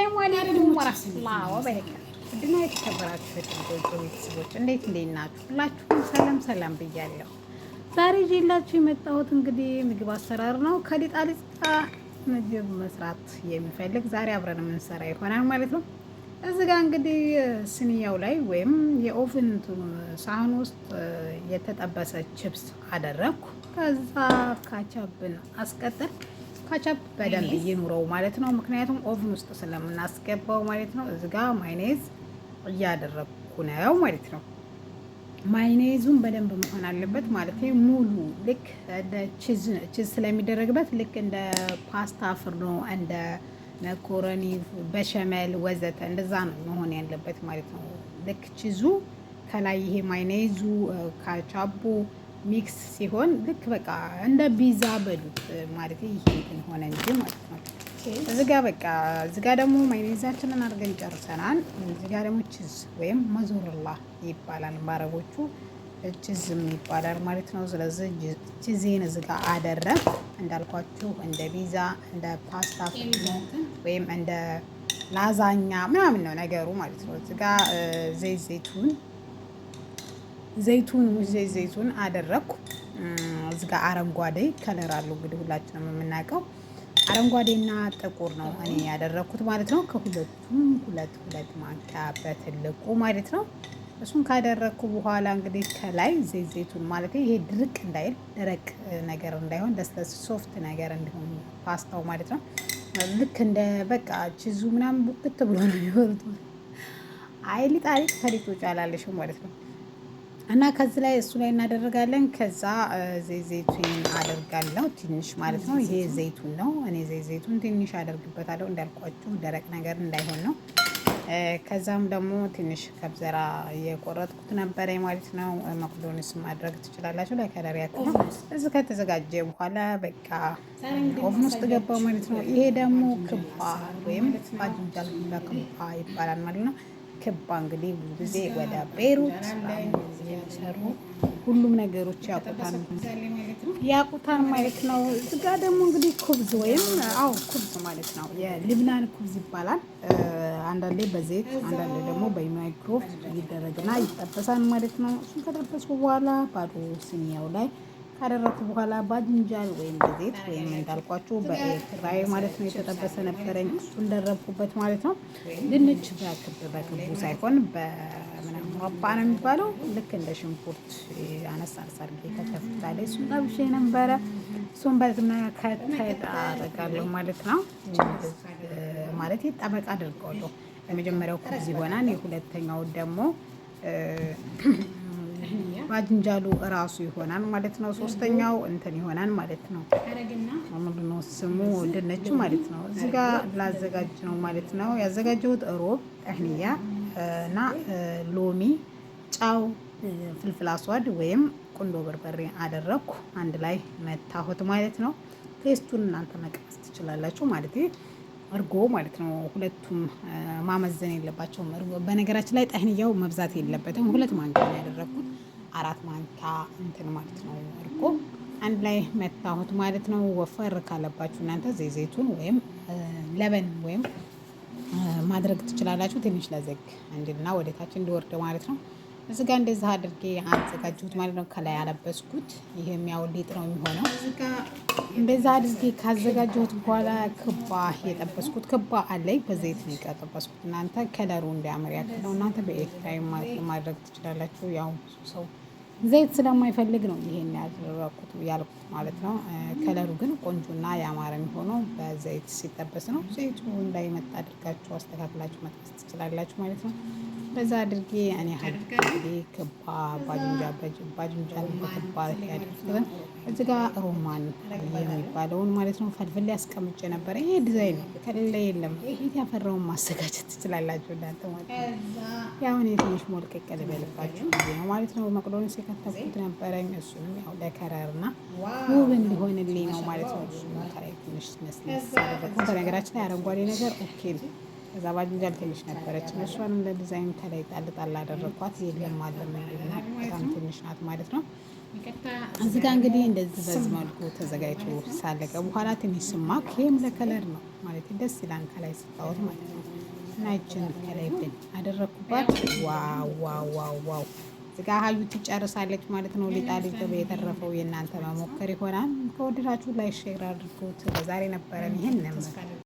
ሰላም አለይኩም ወራህመቱላሂ ወበረካቱ። ውድና የተከበራችሁ የጎጆ ቤተሰቦች እንዴት እንዴት ናችሁ? ሁላችሁም ሰላም ሰላም ብያለሁ። ዛሬ ይዤላችሁ የመጣሁት እንግዲህ ምግብ አሰራር ነው። ከሊጣ ሊጣ ምግብ መስራት የሚፈልግ ዛሬ አብረን የምንሰራ ይሆናል ማለት ነው። እዚህ ጋር እንግዲህ ስንያው ላይ ወይም የኦቭን ሳህን ውስጥ የተጠበሰ ችፕስ አደረግኩ። ከዛ ካቻብን አስቀጥል ካቻፕ በደንብ ይኑረው ማለት ነው። ምክንያቱም ኦቭን ውስጥ ስለምናስገባው ማለት ነው። እዚህ ጋር ማይኔዝ እያደረግኩ ነው ማለት ነው። ማይኔዙን በደንብ መሆን አለበት ማለት ሙሉ ልክ እንደ ቺዝ ስለሚደረግበት ልክ እንደ ፓስታ ፍርኖ፣ እንደ መኮረኒ በሸመል ወዘተ እንደዛ ነው መሆን ያለበት ማለት ነው። ልክ ቺዙ ከላይ ይሄ ማይኔዙ ካቻቡ ሚክስ ሲሆን ልክ በቃ እንደ ቢዛ በሉት ማለት ይሄ ሆነ እንጂ ማለት ነው። እዚህ ጋር በቃ እዚህ ጋር ደግሞ ማይኔዛችንን አድርገን ጨርሰናል። እዚ ጋር ደግሞ ችዝ ወይም መዞርላ ይባላል ባረቦቹ ቺዝም ይባላል ማለት ነው። ስለዚህ ችዜን እዚ ጋር አደረግ እንዳልኳችሁ እንደ ቢዛ እንደ ፓስታ ፍሞ ወይም እንደ ላዛኛ ምናምን ነው ነገሩ ማለት ነው። እዚ ጋር ዘይት ዘይቱን ዘይቱን ሙዜ ዘይቱን አደረግኩ። እዚ አረንጓዴ ከለር አለው እንግዲህ ሁላችንም የምናውቀው አረንጓዴና ጥቁር ነው እኔ ያደረግኩት ማለት ነው። ከሁለቱም ሁለት ሁለት ማንኪያ በትልቁ ማለት ነው። እሱን ካደረግኩ በኋላ እንግዲህ ከላይ ዘይት ዘይቱን ማለት ይሄ ድርቅ እንዳይል ደረቅ ነገር እንዳይሆን ለስለስ ሶፍት ነገር እንዲሆን ፓስታው ማለት ነው። ልክ እንደ በቃ ቺዙ ምናምን ቡክት ብሎ ነው የሚወሩት። አይ ሊጣሊጥ ከሊጦ ጫላለሽም ማለት ነው። እና ከዚህ ላይ እሱ ላይ እናደርጋለን። ከዛ ዘይዘይቱን አደርጋለሁ ትንሽ ማለት ነው። ይሄ ዘይቱን ነው። እኔ ዘይዘይቱን ትንሽ አደርግበታለሁ እንዳልኳችሁ ደረቅ ነገር እንዳይሆን ነው። ከዛም ደግሞ ትንሽ ከብዘራ የቆረጥኩት ነበረ ማለት ነው። መክዶንስ ማድረግ ትችላላችሁ። ላይ ከለር ያክል ነው። እዚ ከተዘጋጀ በኋላ በቃ ኦቭን ውስጥ ገባው ማለት ነው። ይሄ ደግሞ ክባ ወይም ባጅንጃል ክባ ይባላል ማለት ነው። ክብ እንግዲህ ብዙ ጊዜ ወደ ቤሩት የሚሰሩ ሁሉም ነገሮች ያቁታል ያቁታን ማለት ነው። እዚጋ ደግሞ እንግዲህ ኩብዝ ወይም አው ኩብዝ ማለት ነው። የሊብናን ኩብዝ ይባላል። አንዳንዴ በዘይት አንዳንዴ ደግሞ በማይክሮፍ ይደረግና ይጠበሳል ማለት ነው። እሱን ከጠበሱ በኋላ ባዶ ስኒያው ላይ ካደረኩ በኋላ ባጅንጃል ወይም ጊዜት ወይም እንዳልኳችሁ በኤርትራዊ ማለት ነው የተጠበሰ ነበረኝ። እሱን ደረብኩበት ማለት ነው። ድንች በክብ በክቡ ሳይሆን በምናምን ነው የሚባለው። ልክ እንደ ሽንኩርት አነስ አነስ አድርጌ ከተፍታለ እሱን ጠብሼ ነበረ። እሱን በዝና ከታይጣ አደርጋለሁ ማለት ነው። ማለት ጠበቃ አድርገዋለሁ። የመጀመሪያው ኩዚ ሆናን የሁለተኛው ደግሞ ማጅንጃሉ እራሱ ይሆናል ማለት ነው። ሶስተኛው እንትን ይሆናል ማለት ነው። ምንድን ነው ስሙ ድንች ማለት ነው። እዚህ ጋር ላዘጋጅ ነው ማለት ነው። ያዘጋጀሁት ሮብ፣ ጠህንያ እና ሎሚ፣ ጫው፣ ፍልፍል አስዋድ ወይም ቁንዶ በርበሬ አደረግኩ። አንድ ላይ መታሁት ማለት ነው። ቴስቱን እናንተ መቀስ ትችላላችሁ ማለት እርጎ ማለት ነው። ሁለቱም ማመዘን የለባቸውም። እርጎ በነገራችን ላይ ጠህንያው መብዛት የለበትም። ሁለት ማንኪያ ያደረግኩት አራት ማንኪያ እንትን ማለት ነው እርጎ አንድ ላይ መታሁት ማለት ነው። ወፈር ካለባችሁ እናንተ ዘይዘይቱን ወይም ለበን ወይም ማድረግ ትችላላችሁ። ትንሽ ለዘግ እንድና ወደታች እንዲወርድ ማለት ነው። እዚህ ጋር እንደዚህ አድርጌ አዘጋጅሁት ማለት ነው። ከላይ ያለበስኩት ይሄም ያው ሊጥ ነው የሚሆነው። እንደዛ አድርጌ ካዘጋጀሁት በኋላ ክባ የጠበስኩት ክባ አለይ በዘይት ነው የጠበስኩት። እናንተ ከለሩ እንዲያምር ያክል ነው። እናንተ በኤክትራይም ማድረግ ትችላላችሁ። ያው ሰው ዘይት ስለማይፈልግ ነው ይሄን ያደረኩት ያልኩት ማለት ነው። ከለሩ ግን ቆንጆና ያማረ የሚሆነው በዘይት ሲጠበስ ነው። ዘይቱ እንዳይመጣ አድርጋችሁ አስተካክላችሁ መጥበስ ትችላላችሁ ማለት ነው። በዛ አድርጌ እኔ ሀድርጌ ክባ ባጅንጃ ባጅንጃ ክባ ያደርግልን እዚ ጋ ሮማን የሚባለውን ማለት ነው ፈልፍል ያስቀምጭ ነበረ። ይሄ ዲዛይን ከሌለ የለም ቤት ያፈራውን ማዘጋጀት ትችላላችሁ እናንተ ማለት ነው። ያሁን የትንሽ ሞልቀቅ ልበልባችሁ ነው ማለት ነው መቅዶኒ እየከተፍኩት ነበረኝ። እሱንም ያው ለከረርና ውብ እንዲሆንልኝ ነው ማለት ነው። እሱ ከላይ ትንሽ መስለስ በነገራችን ላይ አረንጓዴ ነገር ኦኬ ነው። ከዛ ባጅንጃል ትንሽ ነበረች። እሷንም ለዲዛይን ከላይ ጣል ጣል አደረኳት። የለም አለም በጣም ትንሽ ናት ማለት ነው። እዚህ ጋር እንግዲህ እንደዚህ በዚህ መልኩ ተዘጋጅቶ ሳለቀ በኋላ ትንሽ ስማክ፣ ይህም ለከለር ነው ማለት ደስ ይላል ከላይ ስታወት ማለት ነው። ናችን ከላይ ብን አደረኩባት። ዋው ዋው ዋው ዋው እዚህ ጋር ሀዩ ትጨርሳለች ማለት ነው። ሊጣሊ ጥብ የተረፈው የእናንተ መሞከር ይሆናል። ከወደዳችሁ ላይ ሼር አድርጉት። በዛሬ ነበረን ይህን